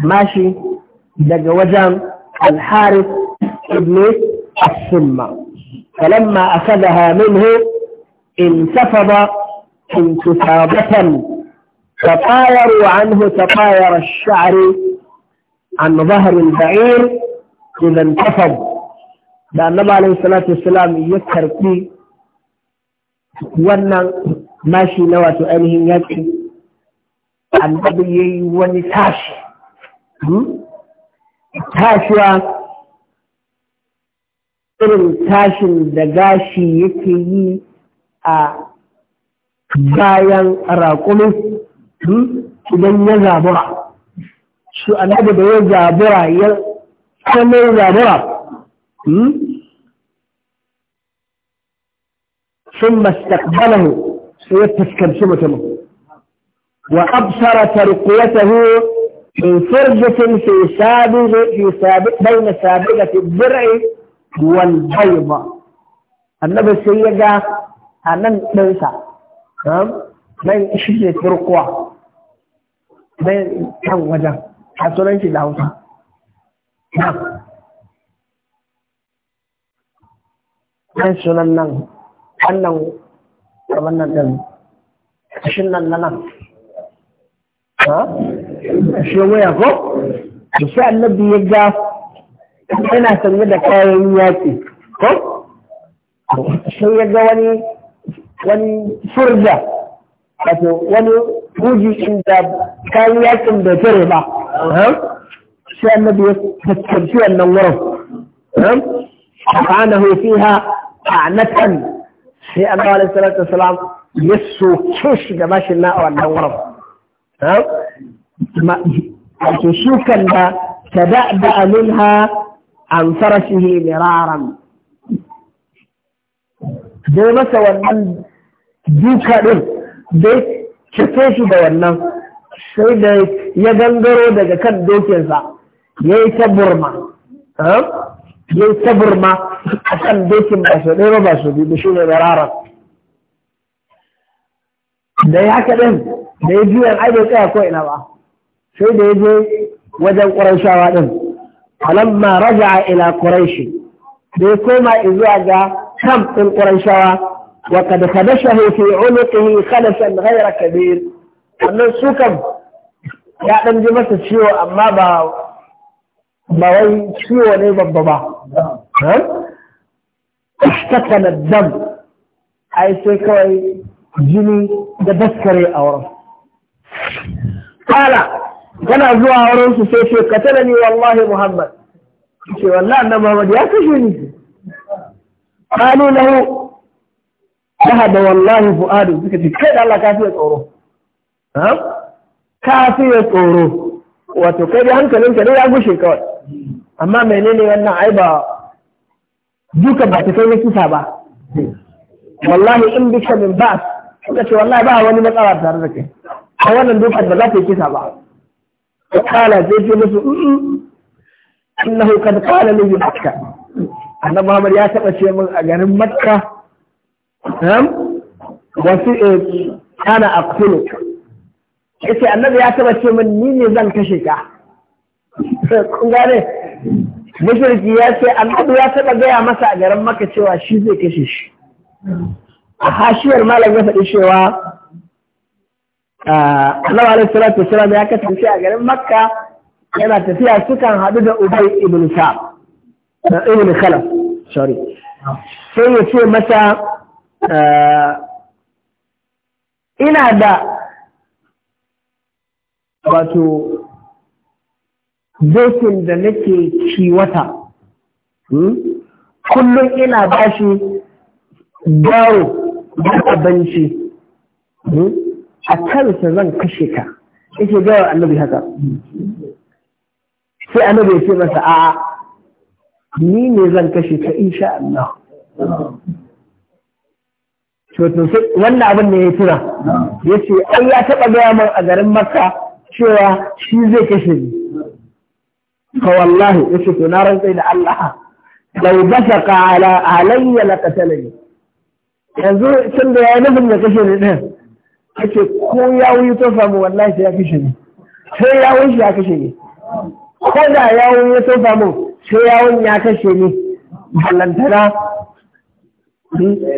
ماشي دق وزن الحارث بن السمة فلما أخذها منه انتفض انتفاضة تطايروا عنه تطاير الشعر عن ظهر البعير إذا انتفض da annabi alaihi salatu wassalam ya karbi wannan mashi na wato ainihin yaki annabi yayi wani tashi tashiwa irin tashin da gashi yake yi a bayan raƙumi Hmm? idan ya zabura shi annabi da ya zabura ya tsanar zabura ثم استقبله سيتسكب سمته وأبصر ترقيته من فرجة في سابق في سابق بين سابقة الدرع والبيض النبي سيجا أمام ننسى من إشجة ترقوة bai kan wajen a sunan shi da hausa nan sunan nan wannan kaman nan ɗin shin nan na nan ha shi waya ko da annabi ya ga yana sanye da kayan yaƙi ko sai ya ga wani wani furda wato wani fuji inda kayan yakin bai tare ba sai annabi ya fuskanci wannan wurin subhanahu fiha a'natan sai annabi alaihi salatu wasalam ya soke shi da mashin na a wannan wurin wato shukan da tada'da minha an farashihi miraran dai masa wannan duka din dai cike shi da wannan sai da ya gangaro daga kan dokinsa ya yi ta burma ya yi ta burma a kan dokin ba ɗaya ba su biyu shi ne rara da ya kaɗin da ya juyan ai tsaya ko ina ba sai da ya je wajen ƙurashawa ɗin falamma raja'a ila ƙurashi da ya koma izuwa ga kam ɗin ƙurashawa وقد خدشه في عنقه خلسا غير كبير أنه سوكم يا أن دي مثل أما با ما وي شيوة نيبا ببا احتقن الدم أي سيكوي جيني دبسكري أورس قال كان أزوى أورس سيشي قتلني والله محمد شيء والله أن محمد يا قالوا له zahaba wallahi fu'adu suka ce kai da Allah ka fiye tsoro ka fiye tsoro wato kai da hankalinka ne ya gushe kawai amma menene wannan ai ba duka ba ta kai na kisa ba wallahi in bika min ba suka ce wallahi ba wani matsala tare da kai a wannan duka ba za ta yi kisa ba ta kala sai ce musu innahu kad qala li makka annabi Muhammad ya taɓa ce min a garin makka wasu eh, kana a kulu yace annabi ya taba ce min ni ne zan kashe ka kun gane mushriki ya ce annabi ya taba gaya masa a garin maka cewa shi zai kashe shi a hashiyar malam ya faɗi cewa ah, annabi alaihi salatu wasallam ya kasance a garin makka yana tafiya sukan haɗu da ubay ibn sa ibn khalaf sorry sai ya ce masa Eh, ina da wato dokin da nake kiwata hmm? kullum ina bashi gawo da abinci hmm? a kansa zan kashe ka yake gawa annabi haka sai annabi ya ce masa a ni ne zan kashe ka in sha Allah wannan abin da ya tura ya ce an ya taɓa gaya min a garin makka cewa shi zai kashe ni Ka wallahi ya ce to na rantsai da Allah lau basa ka ala alayya la ne. yanzu tun da ya nufin ya kashe ni din ya ce ko ya wuyi ta samu wallahi sai ya kashe ni sai ya wuyi ya kashe ni ko da ya wuyi ta samu sai ya wuyi ya kashe ni ballantana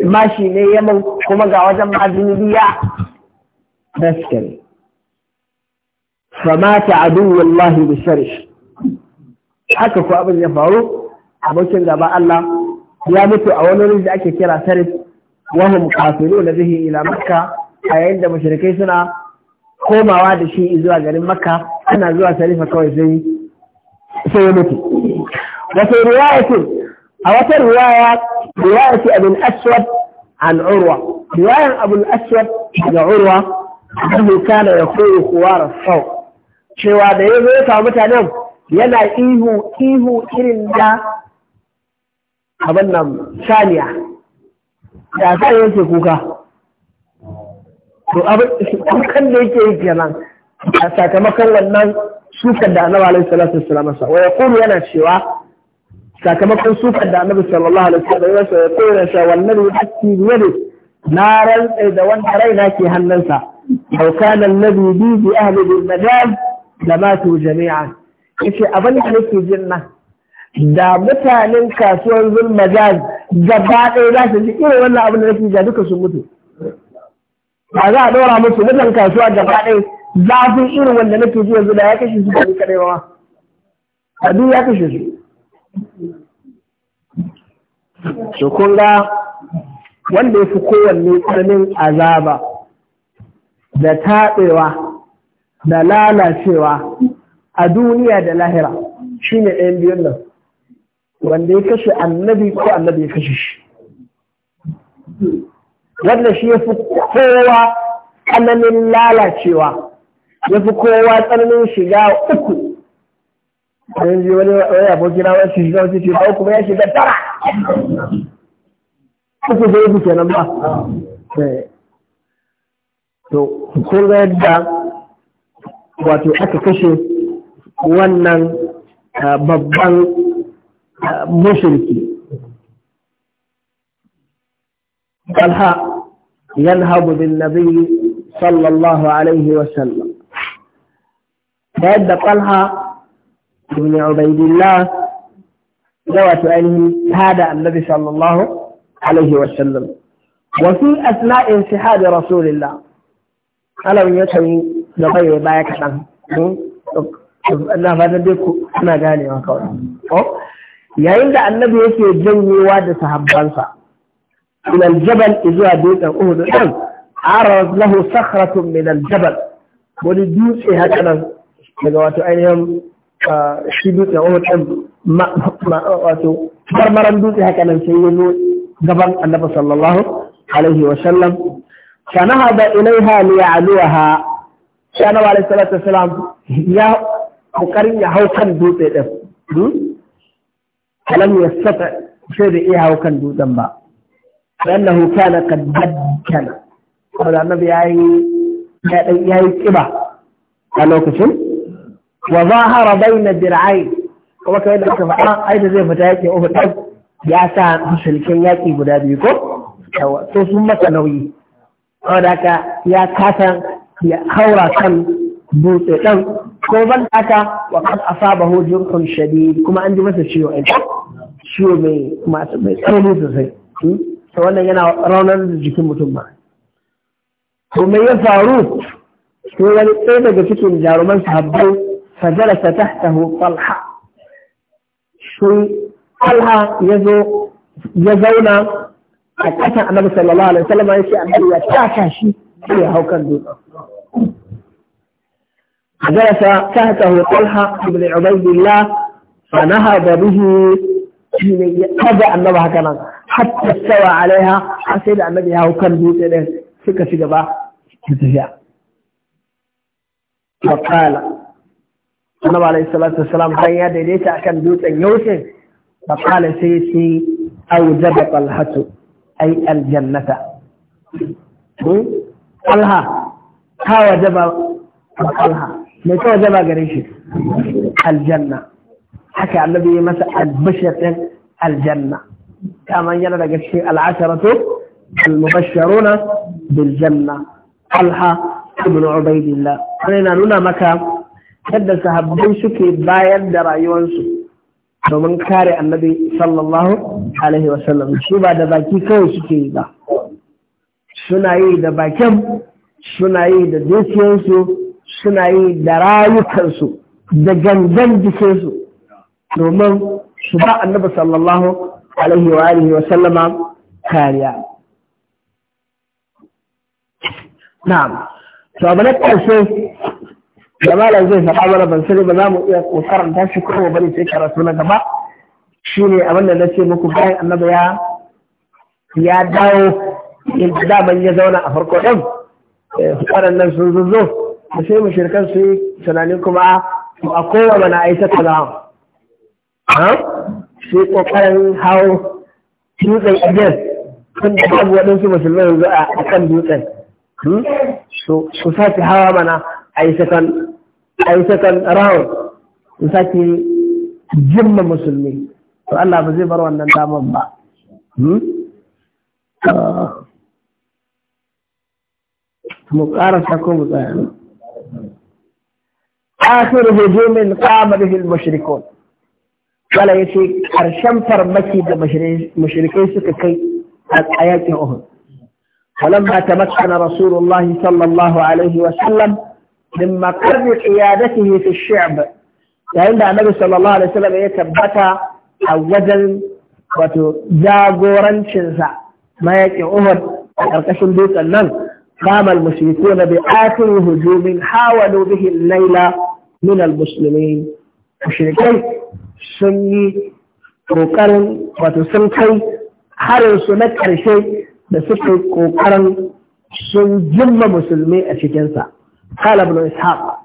mashi ne yaman kuma ga wajen madiniya gaskari famata adu wallahi da sharish haka ku abin ya faru abokin gaba Allah ya mutu a wani wurin da ake kira sarif wahum kafiru da zai ila makka a yayin da mashirikai suna komawa da shi zuwa garin makka ana zuwa sarifa kawai sai sai ya ruwa ya ce a wata riwaya riwaya ce abin aswad an urwa riwayan abin aswad daga urwa annahu kana yaqulu khuwar sau cewa da yazo ya samu mutanen yana ihu ihu irin da abin nan saniya da sai yake kuka to abin kan da yake yi kenan a sakamakon wannan sukar da annabi alaihi salatu wassalam sa wa yaqulu yana cewa sakamakon sufar da annabi sallallahu alaihi wasallam ya sa kore sa wannan yaki ne na rantsa da wanda raina ke hannunsa law kana annabi bi bi ahli bil majal lamatu jami'an yace abin da nake jin nan da mutanen kasuwar zul majal gaba ɗaya za su ji irin wannan abin da nake ji duka sun mutu ba za a ɗora musu mutan kasuwa gaba ɗaya zafin irin wanda nake ji yanzu da ya kashe su ba kaɗai ba ma a duk ya kashe su to kun wanda ya fi kowanne tsananin azaba da taɓewa da lalacewa a duniya da lahira shine ɗayan biyun nan wanda ya kashe annabi ko annabi ya kashe shi wanda shi ya fi kowa tsananin lalacewa ya fi kowa tsananin shiga uku yanzu wani wani aboki na wani shiga wani ce ba kuma ya shiga tara uku da uku kenan ba to kun ga yadda wato aka kashe wannan babban mushriki talha ينهب بالنبي صلى الله عليه وسلم فيبدأ طلحة بن عبيد الله دوى سؤاله هذا النبي صلى الله عليه وسلم وفي أثناء انسحاب رسول الله ألا من يتوي نطيب بايك عنه نعم. نعم، لا فاذا بيك ما قاني ما قول يا عند النبي يكي جنوي واد سحبان صح من الجبل إذا بيك أهد نعم. عرض له صخرة من الجبل ولدوسي كذا لقوات عينهم shi dutse wani can wato farmaran dutse haka nan sai ya gaban annabi sallallahu alaihi wa sallam sana hada ilaiha li ya'luha sana wa alaihi salatu wasalam ya kokarin ya hau kan dutse hmm? ya sata sai da iya hau kan dutsen ba annahu kana annabi yayi ya yi yayi kiba a lokacin wa zahara bayna dir'ai kuma kai da aka faɗa ai da zai fita yake Uhud din ya sa musulkin yaki guda biyu ko to sun masa nauyi saboda haka ya kasa ya haura kan dutse ɗan ko ban haka wa kan asabahu jurhun shadid kuma an ji masa ciwo ai ciwo mai masu mai tsanani sosai hmm? to wannan yana raunar da jikin mutum ba to me ya faru to wani ɗaya daga cikin jaruman sahabbai فجلس تحته طلحة شوي طلحة يزو يزونا أتى النبي صلى الله عليه وسلم ya ce annabi ya taka shi sai ya تحته طلحة بن عبيد الله فنهض به يتبع النبي هكذا حتى استوى عليها حسيت أن هو كان دوت إيه. سكة في جباه annabi alaihi salatu wasalam dan ya daidaita akan dutsen yaushe fa qala sai ce awjaba talhatu ay aljannata talha ta wajaba talha me ta wajaba gare shi aljanna haka annabi ya masa albashir din aljanna kaman yana daga cikin al'asharatu المبشرون بالجنة طلحة بن عبيد الله أنا نونا مكة yadda sahabbai suke bayar da rayuwarsu domin kare annabi sallallahu alaihi wasallam su ba da baki kawai suke yi ba suna yi da bakin suna yi da dukiyarsu suna yi da rayukansu da gangan jikinsu domin su ba annabi sallallahu alaihi wa alihi wa sallama kariya na'am to abu na ƙarshe da malam zai faɗa mana ban sani ba za mu iya karanta shi ko ba ne sai karatu na gaba shi ne abin da na ce muku bayan annaba ya ya dawo inda daman ya zauna a farko ɗin eh, waɗannan sun zuzzo da sai mu shirkan su yi tunani kuma a kowane na aita ta zama sai ƙoƙarin hau dutsen ajiyar tun da babu waɗansu musulmai yanzu a kan dutsen hmm? su sake hawa mana a yi sakan a yi second round in sake jimma musulmi to Allah ba zai bar wannan damar ba mu ƙarasa ko mu tsaya آخر هجوم قام به المشركون wala ya ce ƙarshen farmaki da mashirikai suka kai a yakin Uhud. Walamma ta makana Rasulullah sallallahu Alaihi wasallam min makarri qiyadatihi fi shi'b yayin da annabi sallallahu alaihi wasallam ya tabbata a wajen wato jagorancinsa mayaƙin Uhud a ƙarƙashin dutsen nan kama al-mushrikuna bi atin hujumin hawalu bihi al-laila min al-muslimin mushrikai sun yi ƙoƙarin wato sun kai harin su na ƙarshe da suka yi ƙoƙarin sun jimma musulmi a cikinsa قال ابن إسحاق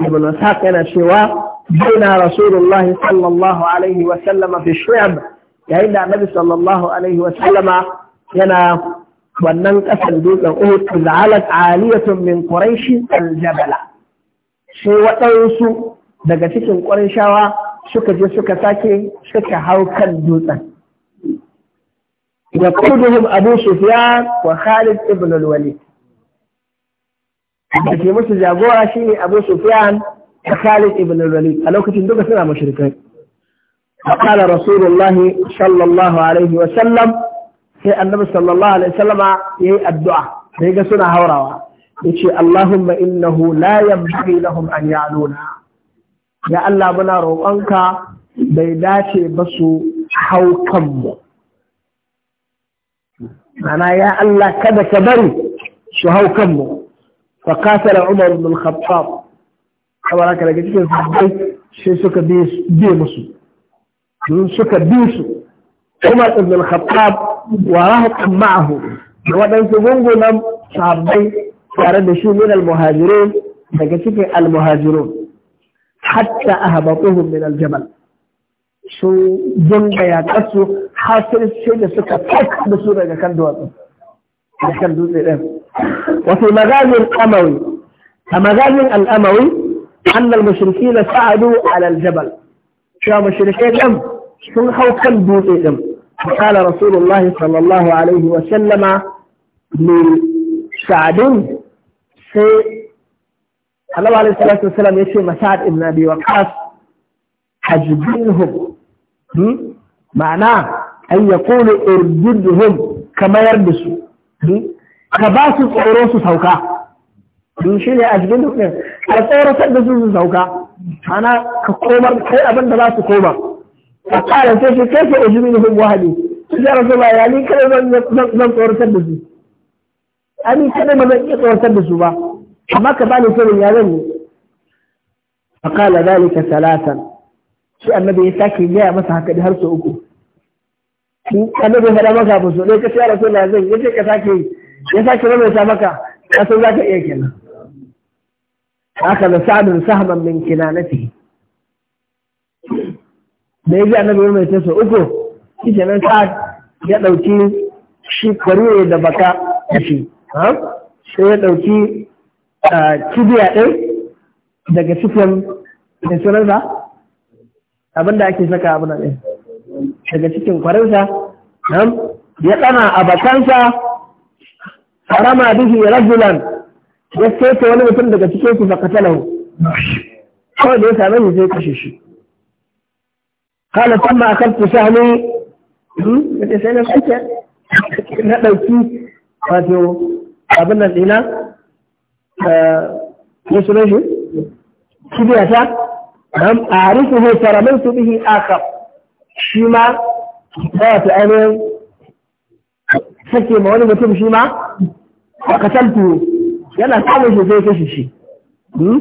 ابن إسحاق أنا شواء بين رسول الله صلى الله عليه وسلم في الشعب yayin da annabi sallallahu alaihi wa sallama yana wannan kasan dutsen Uhud zalat aliyatun min quraish aljabala sai waɗansu daga cikin qurayshawa suka je suka sake suka hau kan dutsen yaquduhum abu sufyan wa khalid ibn al-walid da ke musu jagora shine Abu Sufyan da Khalid ibn Walid a lokacin duka suna mushrikai qala Rasulullah sallallahu alaihi wa sallam sai Annabi sallallahu alaihi wa sallama yayi addu'a sai ga suna haurawa yace Allahumma innahu la yanbaghi lahum an ya'luna ya Allah muna roƙonka bai dace ba su hau kanmu mana ya Allah kada ka bari su hau kanmu فقاتل عمر بن الخطاب kamar haka daga cikin sahabbai sai suka biye musu don suka bi su Umar ibn al-khattab wa rahatan ma'ahu da waɗansu gungunan sahabbai tare da shi min al-muhajirin daga cikin al-muhajirun hatta ahbatuhum min al-jabal sun dinga yaƙarsu da suka faka da daga kan duwatsu كان دول الان وفي مغازي الاموي فمغازي الاموي ان المشركين سعدوا على الجبل شو مشركين ام شو خوف كان دول الان فقال رسول الله صلى الله عليه وسلم من في في الله عليه الصلاة والسلام يشير مسعد بن أبي وقاص حجبهم معناه أن يقول ارددهم كما يلبسوا Hmm? ka ba su tsoro su sauka don hmm, shi ne a cikin duk ɗin a tsoratar da su su sauka ana ka komar kai abin da za su koma a ƙara sai shi kai ka ujiri da hubu hali su jara su ba ya ni kai zan tsoratar da su ani kadai ba zan iya tsoratar da su ba amma ka bani sirrin ya zan yi فقال ذلك ثلاثا shi annabi ya sake gaya masa haka da har sau uku in annabi faɗa maka ba so ne ka ce ya rasulullah zan yace ka sake yi ya sake mai mamaita maka ka san ka iya kenan haka da sa'adun sahman min kinanati da ya ji annabi mai ta so uku shi nan sa'ad ya ɗauki shi kwarure da baka da shi sai ya ɗauki kibiya ɗin daga cikin da sunansa abinda ake saka abin ɗin daga cikin nan ya tsana a bakansa harama bihi rajulan ya saita wani mutum daga cikin su fakatalahu kawai da ya sami shi sai kashe shi kala tamma akaltu hmm, ya ce sai na sake na ɗauki wato abin nan dina eh, ya sunan shi kibiya ta a harisu ne su bihi akar shi ma za ta ainihin sake ma wani mutum shi ma a kasantu yana samun shi sai kashe shi hmm?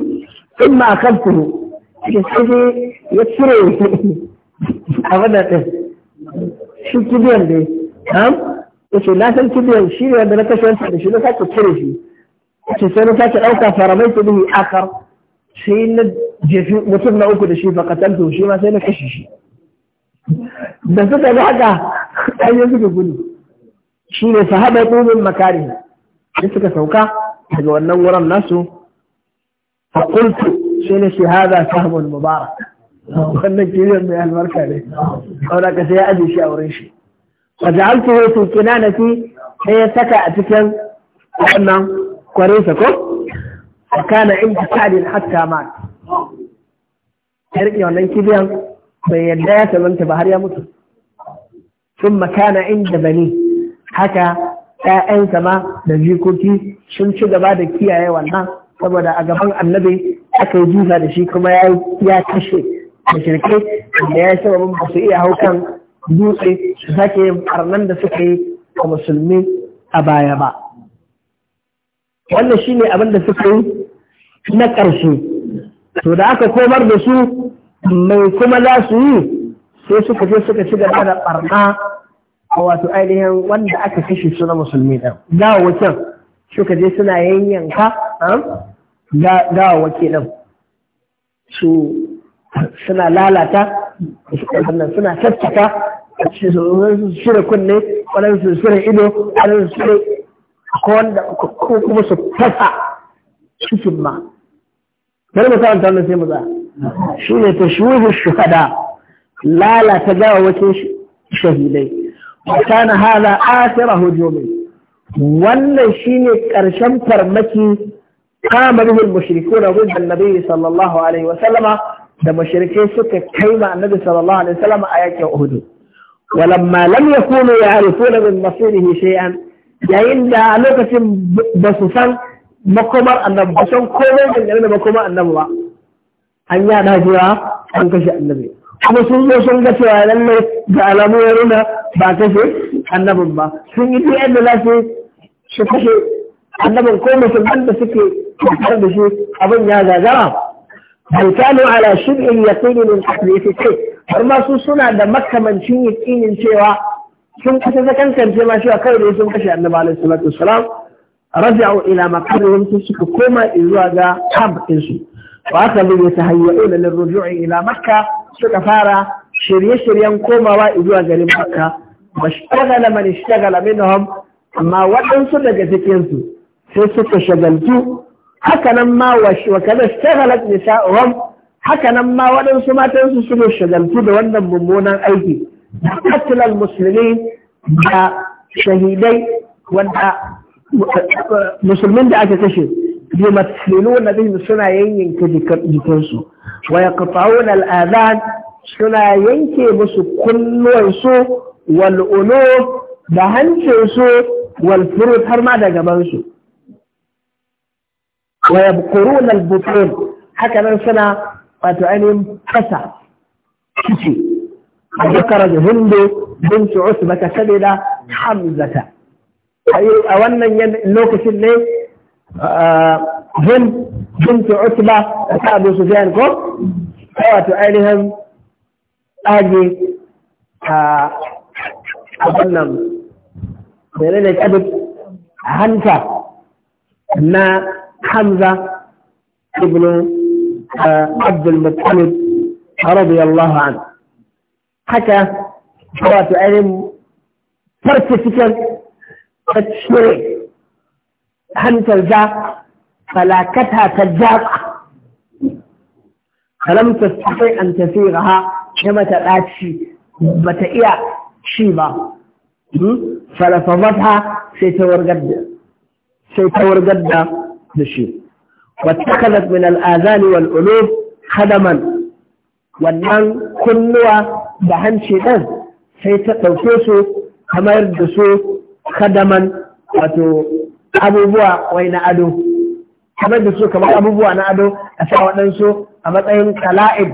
in ma a kantu shi sai ya cire a wadda ɗin shi kibiyar ne ya ce na san kibiyar shi ne wanda na kashe wancan da shi na sake cire shi ce sai na sake ɗauka faramai ta bihi akar sai na jefi mutum na uku da shi fa kasantu shi ma sai na kashe shi da suka ga haka ɗanye suka gudu shi ne sahabai ƙumin makari da suka sauka daga wannan wurin nasu a kultu shi ne shi haza sahabon mubarak wannan kiriyar mai albarka ne ƙaura ka sai ya aje shi a wurin shi wa ja'altu hu fi kinanati sai ya saka a cikin wannan kwarinsa ko kana inda sa'adin hatta ma ya riƙe wannan kibiyan bai yadda ya samanta ba har ya mutu sun makana inda bani haka ‘ya'yansa ma da jikoki sun ci gaba da kiyaye wannan saboda a gaban annabi aka yi jifa da shi kuma ya kashe da shirke da ya sababin ba su iya haukan dutse su sake yin farnan da suka yi a musulmi a baya ba wannan shine abin da suka yi na ƙarshe to da aka komar da su mai kuma za su yi sai suka je suka ci gaba da barna a wato ainihin wanda aka kashe su na musulmi ɗan gawawakin suka je suna yanyanka gawawaki ɗan su suna lalata suna tattaka su shirya kunne waɗansu su shirya ido waɗansu su shirya wanda kuma su fasa cikin ma. Bari mu karanta wanda sai mu za. shi ne ta shuhu shuhada lalata gawawakin shahidai wata na hala asira hujjomi wannan shi ne ƙarshen farmaki kama bihul mushriku na rujjan nabi sallallahu alaihi wasallama da mushrikai suka kai ma annabi sallallahu alaihi wasallama a yakin uhudu walamma lam yakunu ya'rifuna min masirihi shay'an yayin da a lokacin ba su san makomar annabi ba san komai dangane da makomar annabi ba an yada cewa an kashe annabi kuma sun zo sun ga cewa lallai ga alamu ya nuna ba kashe annabin ba sun yi duk yadda za su su kashe annabin ko musulman da suke kakar da shi abin ya gagara bai kano ala shirin yaƙini min kasance kai har ma su suna da makamancin yaƙinin cewa sun kasa sakankance ma cewa kawai da sun kashe annabi alaihi salatu wasalam raja'u ila makarihim sun suka koma zuwa ga kamp فأتلوا يتهيئون للرجوع إلى مكة سكفارة شري شريا كوما وإذوا جل مكة واشتغل من اشتغل منهم ما وطن سنة جتكينسو في ستة شغلتو هكذا ما وش وكذا اشتغلت نساؤهم هكذا ما وطن سنة تنسو سنة شغلتو دوانا ممونا أيدي قتل المسلمين شهيدي وأن مسلمين دعك تشهد يمثلون بهم سنة ينك ويقطعون الآذان سنة ينك كل ويسو والأنوف دهنك يسو والفروض هرما ده جبانسو ويبقرون البطون حكا من سنة وتعنم فسا كشي وذكر الهند بنت عثمة سبيلة حمزة أي أولا ينوك سنة هم آه، بنت عتبة أصحاب سفيان كو فوات عليهم أهلي أظنم آه، بيرينا كبد حمزة ما حمزة ابن آه، عبد المطلب رضي الله عنه حتى فوات عليهم فرت سكن فتشمري hantar ja falakata ta jaka kalam ta sai an tafi ha ya mata ɗaci ba ta iya ci ba hmm? falafafata sai ta wargar da sai ta wargar da da shi واتخذت من الآذان والقلوب wannan kunnuwa da hanci ɗan sai ta ɗauke su kamar da su kadaman wato abubuwa wai na ado kamar da su kamar abubuwa na ado a sa waɗansu a matsayin kala'id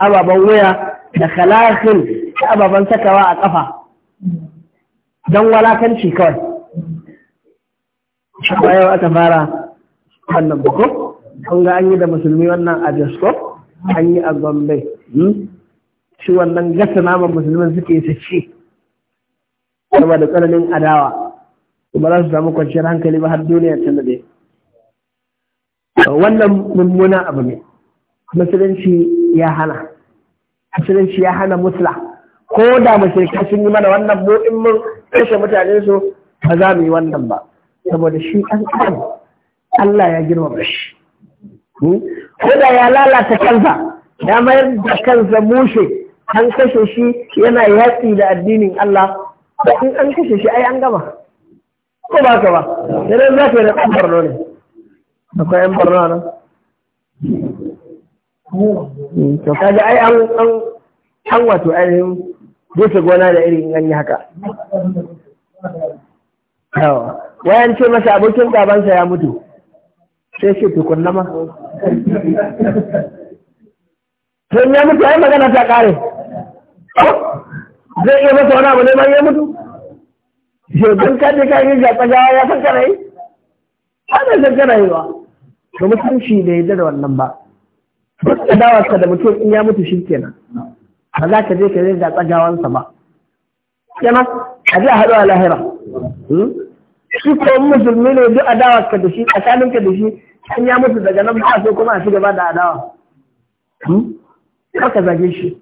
ababen wuya da kala'il da ababen sakawa a ƙafa don walakanci kawai shaɓa yau aka fara wannan buku kun ga an yi da musulmi wannan a jasko an yi a gombe hmm? shi wannan gasa naman musulmin suke su ci saboda tsananin adawa kuma za su samu kwanciyar hankali ba har duniya ta nade wannan mummuna abu ne musulunci ya hana musulunci ya hana musla ko da mashirka sun yi mana wannan mu mun kashe mutane su ba za mu yi wannan ba saboda shi an adam Allah ya girmama shi hmm? ko da ya lalata kansa ya mayar da kansa mushe an kashe shi yana yatsi da addinin Allah in an kashe shi ai an gama ko ba ka ba idan za ka yi da ɗan barno ne akwai yan barno nan to kaji ai an an an wato ainihin dusa gona da irin an yi haka yawa wayan ce masa abokin gabansa ya mutu sai ce tukun nama sai ya mutu ai magana ta kare zai iya masa wani abu ne ma ya mutu Shekun ka je ka yi ga tsagawa ya san kana yi? Ba da san kana yi ba. Ga mutunci da yadda da wannan ba. Ba ka dawa ka da mutum in ya mutu shi kenan. Ba za ka je ka yi ga tsagawansa ba. Kenan, a ji a haɗu a lahira. Hmm? Shi ko musulmi ne duk adawa ka da shi, ka da shi, in ya mutu daga nan ba so kuma a ci gaba da adawa. Hmm? Kar ka zage shi.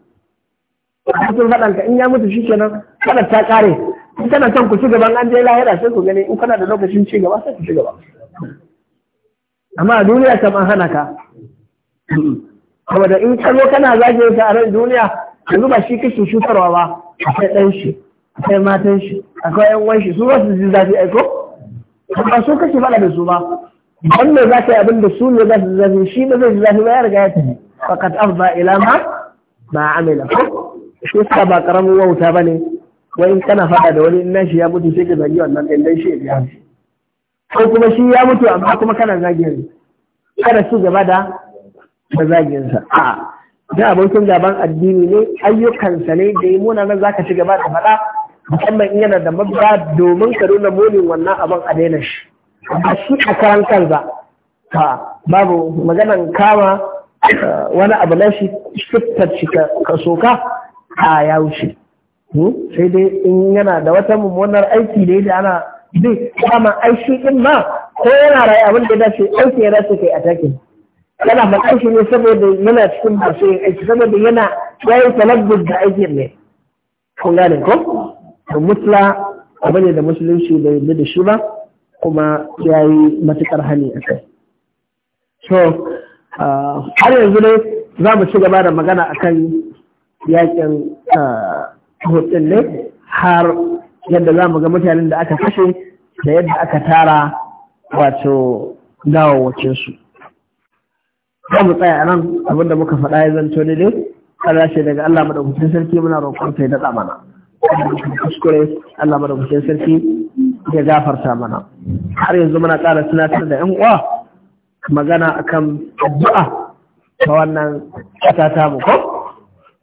A cikin faɗanka in ya mutu shi kenan, faɗa ta ƙare. in kana son ku ci gaban an je lahira sai ku gani in kana da lokacin ci gaba sai ku ci gaba amma a duniya ta man hana ka saboda in ka zo kana zage ta a ran duniya yanzu ba shi kake shutarwa ba akwai dan shi akwai matan shi akwai yan wan shi su ba su ji zafi aiko ba su kake faɗa da su ba wanda za ka yi abin da su ne za su zafi shi ba zai ji zafi ba ya riga ya tafi fakat afba ila ma ma amila ko shi ba karamin wauta ba ne wai kana faɗa da wani nan shi ya mutu sai ka zagi wannan ɗin dan shi ya shi ko kuma shi ya mutu amma kuma kana zagin kada su gaba da da sa a da abokin gaban addini ne ayyukansa ne da yi muna nan zaka ci gaba da faɗa musamman in yana da mabba domin ka nuna munin wannan abin a daina shi a shi a karan ha babu maganan kama wani abu na shi fitar shi ka soka a ya wuce Hmm? sai dai in yana da wata mummunar aiki da ana zai kama aishi din ba? ko yana rai abin da dace aiki ya dace kai a takin yana faɗa shi ne saboda yana cikin masu yin aiki saboda yana yayin talabbus da aiki ne kun gane ko to mutla abin da musulunci bai yarda da shi ba kuma ya yi matuƙar hani a kai so ah, har yanzu ne za mu ci gaba da magana akan yakin ah, hutsin ne har yadda za mu ga mutanen da aka kashe da yadda aka tara wato gawawacinsu za mu tsaya nan abinda muka faɗa ya zanto ne ne, Allah shi daga Allah madaukakin sarki muna roƙon sai da mana kuskure Allah madaukakin sarki ya gafarta mana har yanzu muna ƙara tunatar da 'yan uwa magana akan addu'a ta wannan ƙasa ta mu ko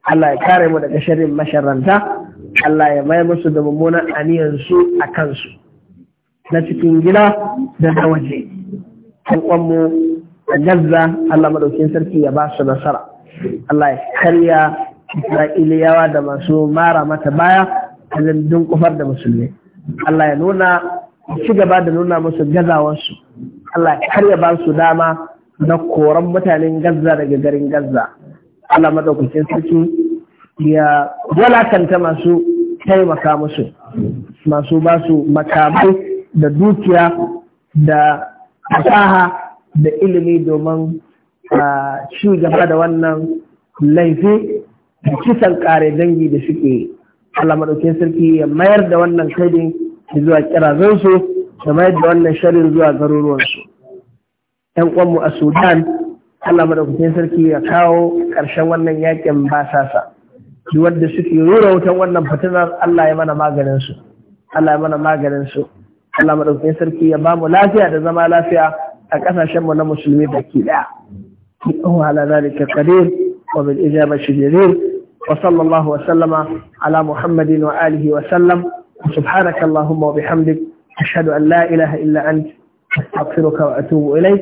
Allah ya kare mu daga sharrin masharanta Allah ya mai musu da mummunan aniyansu a kansu na cikin gida da na waje kan mu a gazza. Allah madaukin sarki ya ba su nasara Allah ya karya Isra'iliyawa da masu mara mata baya a wajen dunkufar da musulmi Allah ya nuna ci gaba da nuna musu gazawansu Allah ya karya ba su dama na koran mutanen gazza daga garin gazza. Allah madaukakin sarki ya walakanta masu taimaka musu masu basu makamai da dukiya da fasaha da ilimi domin ci gaba da wannan laifi da kisan kare dangi da suke Allah madaukakin sarki ya mayar da wannan kaidin zuwa kirazansu da mayar da wannan sharin zuwa garuruwansu. ‘Yan uwanmu a Sudan Allah madaukakin sarki ya kawo ƙarshen wannan yakin ba sasa wanda suke rura wutan wannan fitinar Allah ya mana maganin su Allah ya mana maganin su Allah madaukakin sarki ya bamu lafiya da zama lafiya a ƙasashen mu na musulmi baki daya Allahu ala zalika qadir wa bil ijaba shajarir wa sallallahu wa sallama ala Muhammadin wa alihi wa sallam subhanaka Allahumma wa bihamdik ashhadu an la ilaha illa anta أستغفرك وأتوب إليك